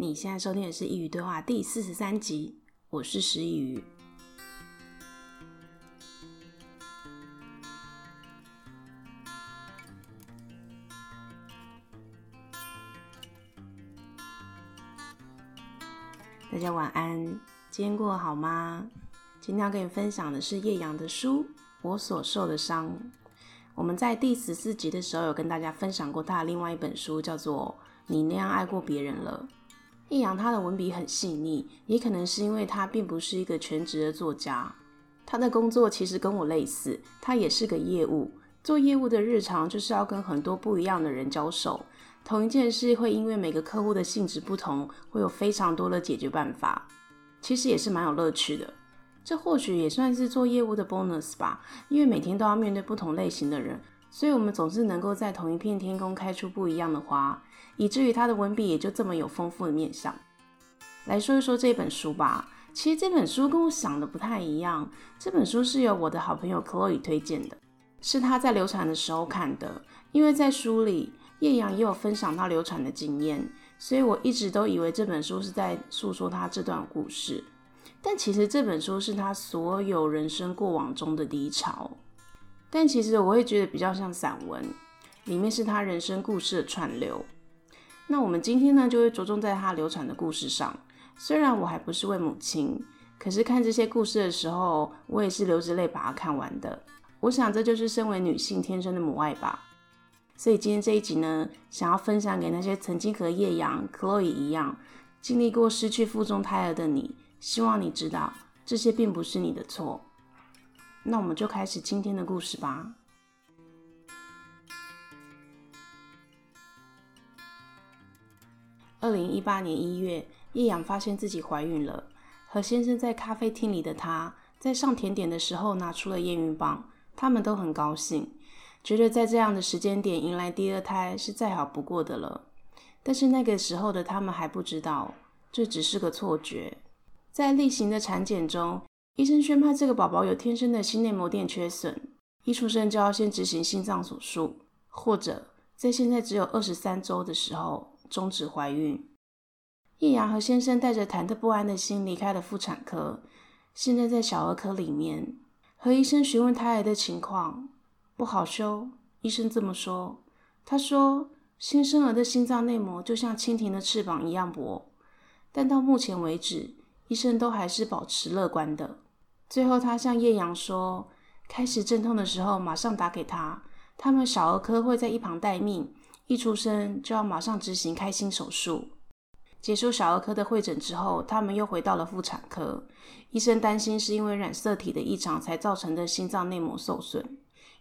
你現在收聽的是《異於對話》第四十三集，我是師佾萮。大家晚安，今天過好嗎？今天要跟你分享的是葉揚的書《我所受的傷》。我們在第十四集的時候有跟大家分享過他的另外一本書，叫做《你那樣愛過別人了》。葉揚，他的文筆很細膩，也可能是因為他並不是一個全職的作家。他的工作其實跟我類似，他也是個業務。做業務的日常就是要跟很多不一樣的人交手，同一件事會因為每個客戶的性質不同，會有非常多的解決辦法。其實也是蠻有樂趣的。這或許也算是做業務的 bonus 吧，因為每天都要面對不同類型的人。所以，我們總是能夠在同一片天空開出不一樣的花，以至於它的文筆也就這麼有豐富的面向。來說一說這本書吧。其實這本書跟我想的不太一樣。這本書是由我的好朋友 Chloe 推薦的，是他在流產的時候看的。因為在書裡，葉揚也有分享他流產的經驗，所以我一直都以為這本書是在訴說他這段故事。但其實這本書是他所有人生過往中的低潮。但其實我會覺得比較像散文，裡面是她人生故事的串流。那我們今天呢，就會着重在她流傳的故事上。雖然我還不是位母親，可是看這些故事的時候，我也是流着淚把它看完的。我想這就是身為女性天生的母愛吧。所以今天這一集呢，想要分享給那些曾經和葉揚、Chloe 一樣經歷過失去腹中胎兒的你，希望你知道，這些並不是你的錯。那我們就開始今天的故事吧。二零一八年一月，葉揚發現自己懷孕了。和先生在咖啡廳裡的他，在上甜點的時候拿出了驗孕棒，他們都很高興，覺得在這樣的時間點迎來第二胎是再好不過的了。但是那個時候的他們還不知道，這只是個錯覺。在例行的產檢中，醫生宣判這個寶寶有天生的心內膜墊缺損，一出生就要先執行心臟手術，或者在現在只有二十三周的時候終止懷孕。葉揚和先生帶着忐忑不安的心離開了婦產科，現在在小兒科裡面和醫生詢問胎兒的情況，不好修。醫生這麼說，他說新生兒的心臟內膜就像蜻蜓的翅膀一樣薄，但到目前為止，醫生都還是保持樂觀的。最後，他向葉揚說：“開始陣痛的時候，馬上打給他。他們小兒科會在一旁待命，一出生就要馬上執行開心手術。”結束小兒科的會診之後，他們又回到了婦產科。醫生擔心是因為染色體的異常才造成的心臟內膜受損，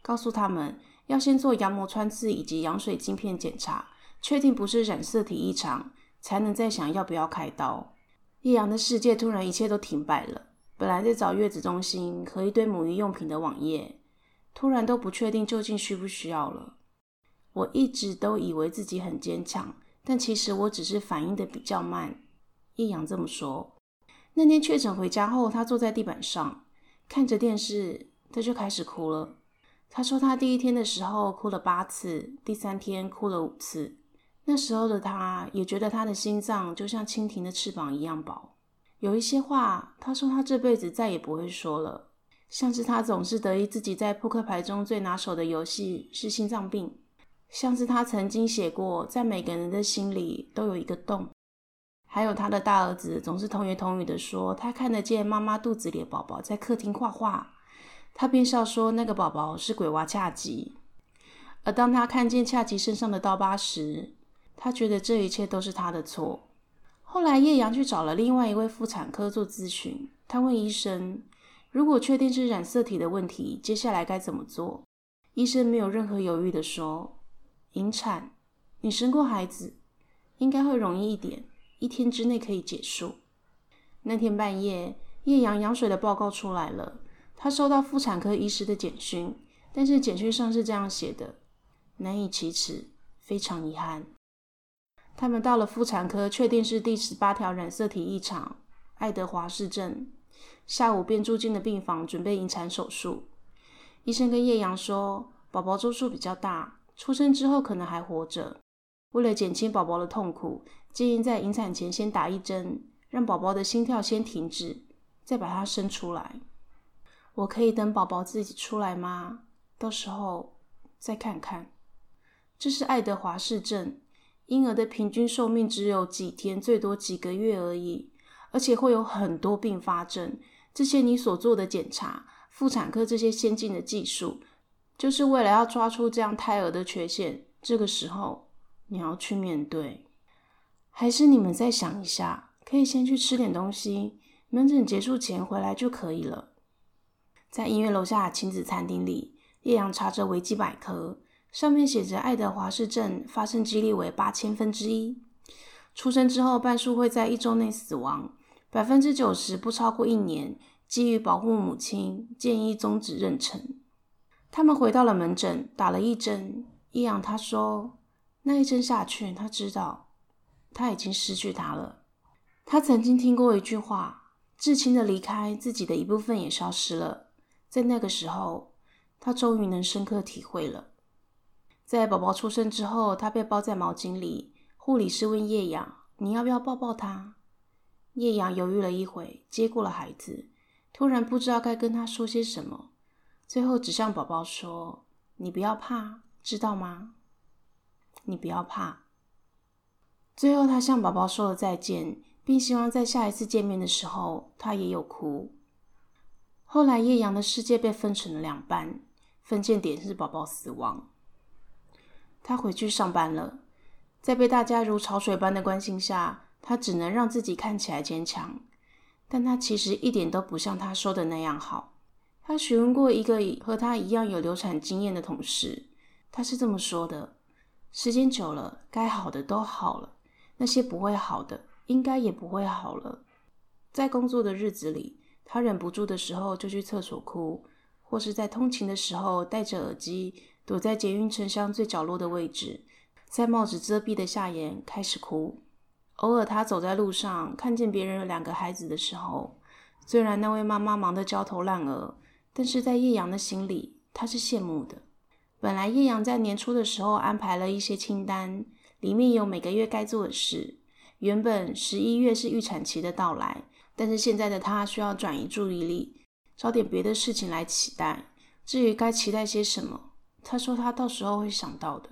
告訴他們要先做羊膜穿刺以及羊水晶片檢查，確定不是染色體異常，才能再想要不要開刀。葉揚的世界突然一切都停擺了。本來在找月子中心和一堆母嬰用品的網頁，突然都不確定究竟需不需要了。我一直都以為自己很堅強，但其實我只是反應的比較慢。葉揚這麼說。那天確診回家後，他坐在地板上看着電視，他就開始哭了。他說他第一天的時候哭了八次，第三天哭了五次。那時候的他，也覺得他的心臟就像蜻蜓的翅膀一樣薄。有一些話，他說他這輩子再也不會說了，像是他總是得意自己在撲克牌中最拿手的遊戲是心臟病，像是他曾經寫過，在每個人的心裡都有一個洞，還有他的大兒子總是童言童語的說他看得見媽媽肚子裡的寶寶在客廳畫畫，他便笑說那個寶寶是鬼娃恰吉，而當他看見恰吉身上的刀疤時，他覺得這一切都是他的錯。後來葉揚去找了另外一位婦產科做諮詢，他問醫生：“如果確定是染色體的問題，接下來該怎麼做？”醫生沒有任何猶豫的說：“引產，你生過孩子，應該會容易一點，一天之內可以結束。”那天半夜，葉揚羊水的報告出來了，他收到婦產科醫師的簡訊，但是簡訊上是這樣寫的：“難以啟齒，非常遺憾。”他們到了婦產科，確定是第十八條染色體異常，愛德華氏症。下午便住進了病房，準備引產手術。醫生跟葉揚說，寶寶週數比較大，出生之後可能還活着。為了減輕寶寶的痛苦，建議在引產前先打一針，讓寶寶的心跳先停止，再把它生出來。我可以等寶寶自己出來嗎？到時候再看看。這是愛德華氏症。嬰兒的平均壽命只有幾天，最多幾個月而已，而且會有很多併發症。這些你所做的檢查、婦產科這些先進的技術，就是為了要抓出這樣胎兒的缺陷。這個時候你要去面對，還是你們再想一下？可以先去吃點東西，門診結束前回來就可以了。在醫院樓下的親子餐廳裡，葉揚查着維基百科。上面寫着：“愛德華氏症發生幾率為八千分之一，出生之後半數會在一周內死亡，百分之九十不超過一年。基於保護母親，建議終止妊娠。”他們回到了門診，打了一針。葉揚他說：“那一針下去，他知道他已經失去他了。他曾經聽過一句話：‘至親的離開，自己的一部分也消失了。’在那個時候，他終於能深刻體會了。”在寶寶出生之後，他被包在毛巾裡。護理師問葉揚：“你要不要抱抱他？”葉揚猶豫了一會，接過了孩子，突然不知道該跟他說些什麼，最後只向寶寶說：“你不要怕，知道嗎？你不要怕。”最後，他向寶寶說了再見，並希望在下一次見面的時候，他也有哭。後來，葉揚的世界被分成了兩半，分界點是寶寶死亡。他回去上班了，在被大家如潮水般的關心下，他只能讓自己看起來堅強。但他其實一點都不像他說的那樣好。他詢問過一個和他一樣有流產經驗的同事，他是這麼說的：時間久了，該好的都好了，那些不會好的，應該也不會好了。在工作的日子裡，他忍不住的時候就去廁所哭，或是在通勤的時候戴着耳機。躲在捷運車廂最角落的位置，在帽子遮蔽的下沿開始哭。偶爾，他走在路上，看見別人有兩個孩子的時候，雖然那位媽媽忙得焦頭爛額，但是在葉揚的心裡，他是羨慕的。本來，葉揚在年初的時候安排了一些清單，裡面有每個月該做的事。原本十一月是預產期的到來，但是現在的他需要轉移注意力，找點別的事情來期待。至於該期待些什麼？他說：“他到時候會想到的。”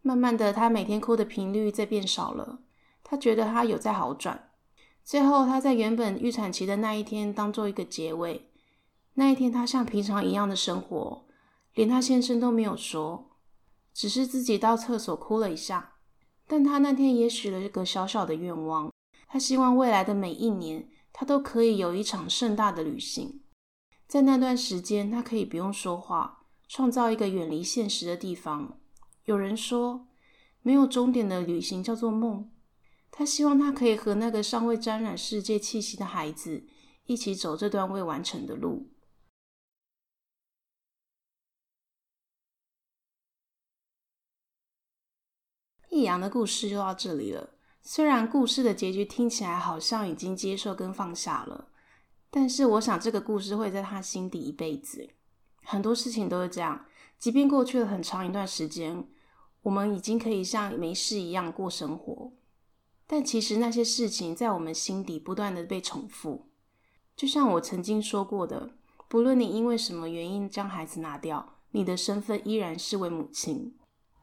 慢慢的，他每天哭的頻率在變少了。他覺得他有在好轉。最後，他在原本預產期的那一天當做一個結尾。那一天，他像平常一樣的生活，連他先生都沒有說，只是自己到廁所哭了一下。但他那天也許了一個小小的願望，他希望未來的每一年，他都可以有一場盛大的旅行，在那段時間，他可以不用說話。創造一個遠離現實的地方。有人說，沒有終點的旅行叫做夢。他希望他可以和那個尚未沾染世界氣息的孩子一起走這段未完成的路。葉揚的故事就到這裡了。雖然故事的結局聽起來好像已經接受跟放下了，但是我想這個故事會在他心底一輩子。很多事情都是這樣，即便過去了很長一段時間，我們已經可以像沒事一樣過生活，但其實那些事情在我們心底不斷的被重複。就像我曾經說過的，不論你因為什麼原因將孩子拿掉，你的身份依然是位母親。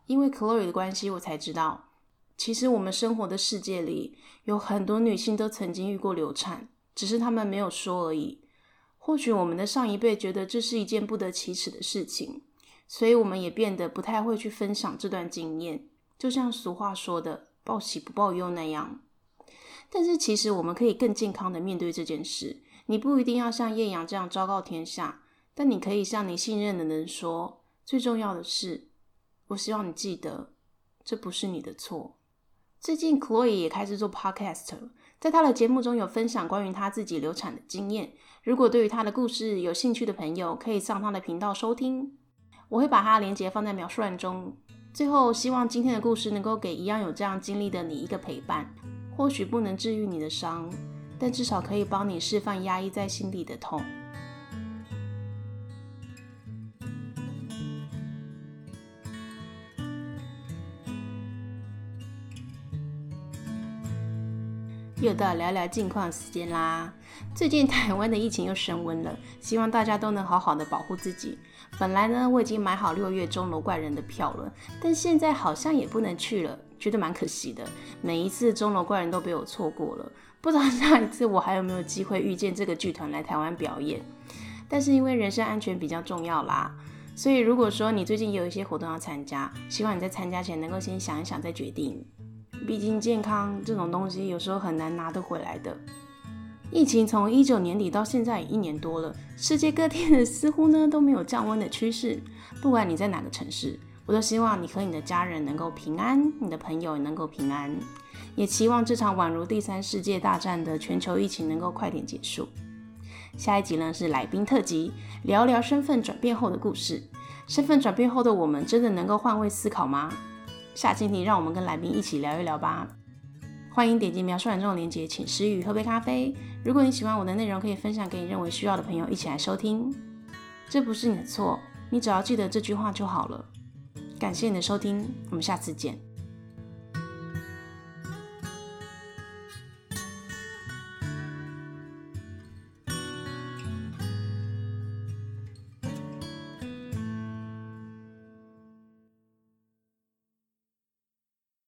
因為 Chloe 的關係，我才知道，其實我們生活的世界裡有很多女性都曾經遇過流產，只是她們沒有說而已。或許我們的上一輩覺得這是一件不得啟齒的事情，所以我們也變得不太會去分享這段經驗，就像俗話說的“報喜不報憂”那樣。但是其實我們可以更健康的面對這件事，你不一定要像葉揚這樣昭告天下，但你可以向你信任的人說。最重要的是，我希望你記得，這不是你的錯。最近 Chloe 也開始做 Podcast 了。在他的節目中有分享關於他自己流產的經驗。如果對於他的故事有興趣的朋友，可以上他的頻道收聽，我會把他的鏈接放在描述欄中。最後，希望今天的故事能夠給一樣有這樣經歷的你一個陪伴。或許不能治癒你的傷，但至少可以幫你釋放壓抑在心底的痛。又到聊聊近況時間啦。最近台灣的疫情又升溫了，希望大家都能好好的保護自己。本來呢，我已經買好六月鐘樓怪人的票了，但現在好像也不能去了，覺得蠻可惜的。每一次鐘樓怪人都被我錯過了，不知道下一次我還有沒有機會遇見這個劇團來台灣表演。但是因為人身安全比較重要啦，所以如果說你最近有一些活動要參加，希望你在參加前能夠先想一想再決定。畢竟健康這種東西，有時候很難拿得回來的。疫情從一九年底到現在也一年多了，世界各地似乎呢都沒有降溫的趨勢。不管你在哪個城市，我都希望你和你的家人能夠平安，你的朋友也能夠平安，也期望這場宛如第三世界大戰的全球疫情能夠快點結束。下一集呢是來賓特輯，聊聊身份轉變後的故事。身份轉變後的我們，真的能夠換位思考嗎？下期你讓我們跟來賓一起聊一聊吧。歡迎點擊描述欄中的鏈接，請師佾萮喝杯咖啡。如果你喜歡我的內容，可以分享給你認為需要的朋友一起來收聽。這不是你的錯，你只要記得這句話就好了。感謝你的收聽，我們下次見。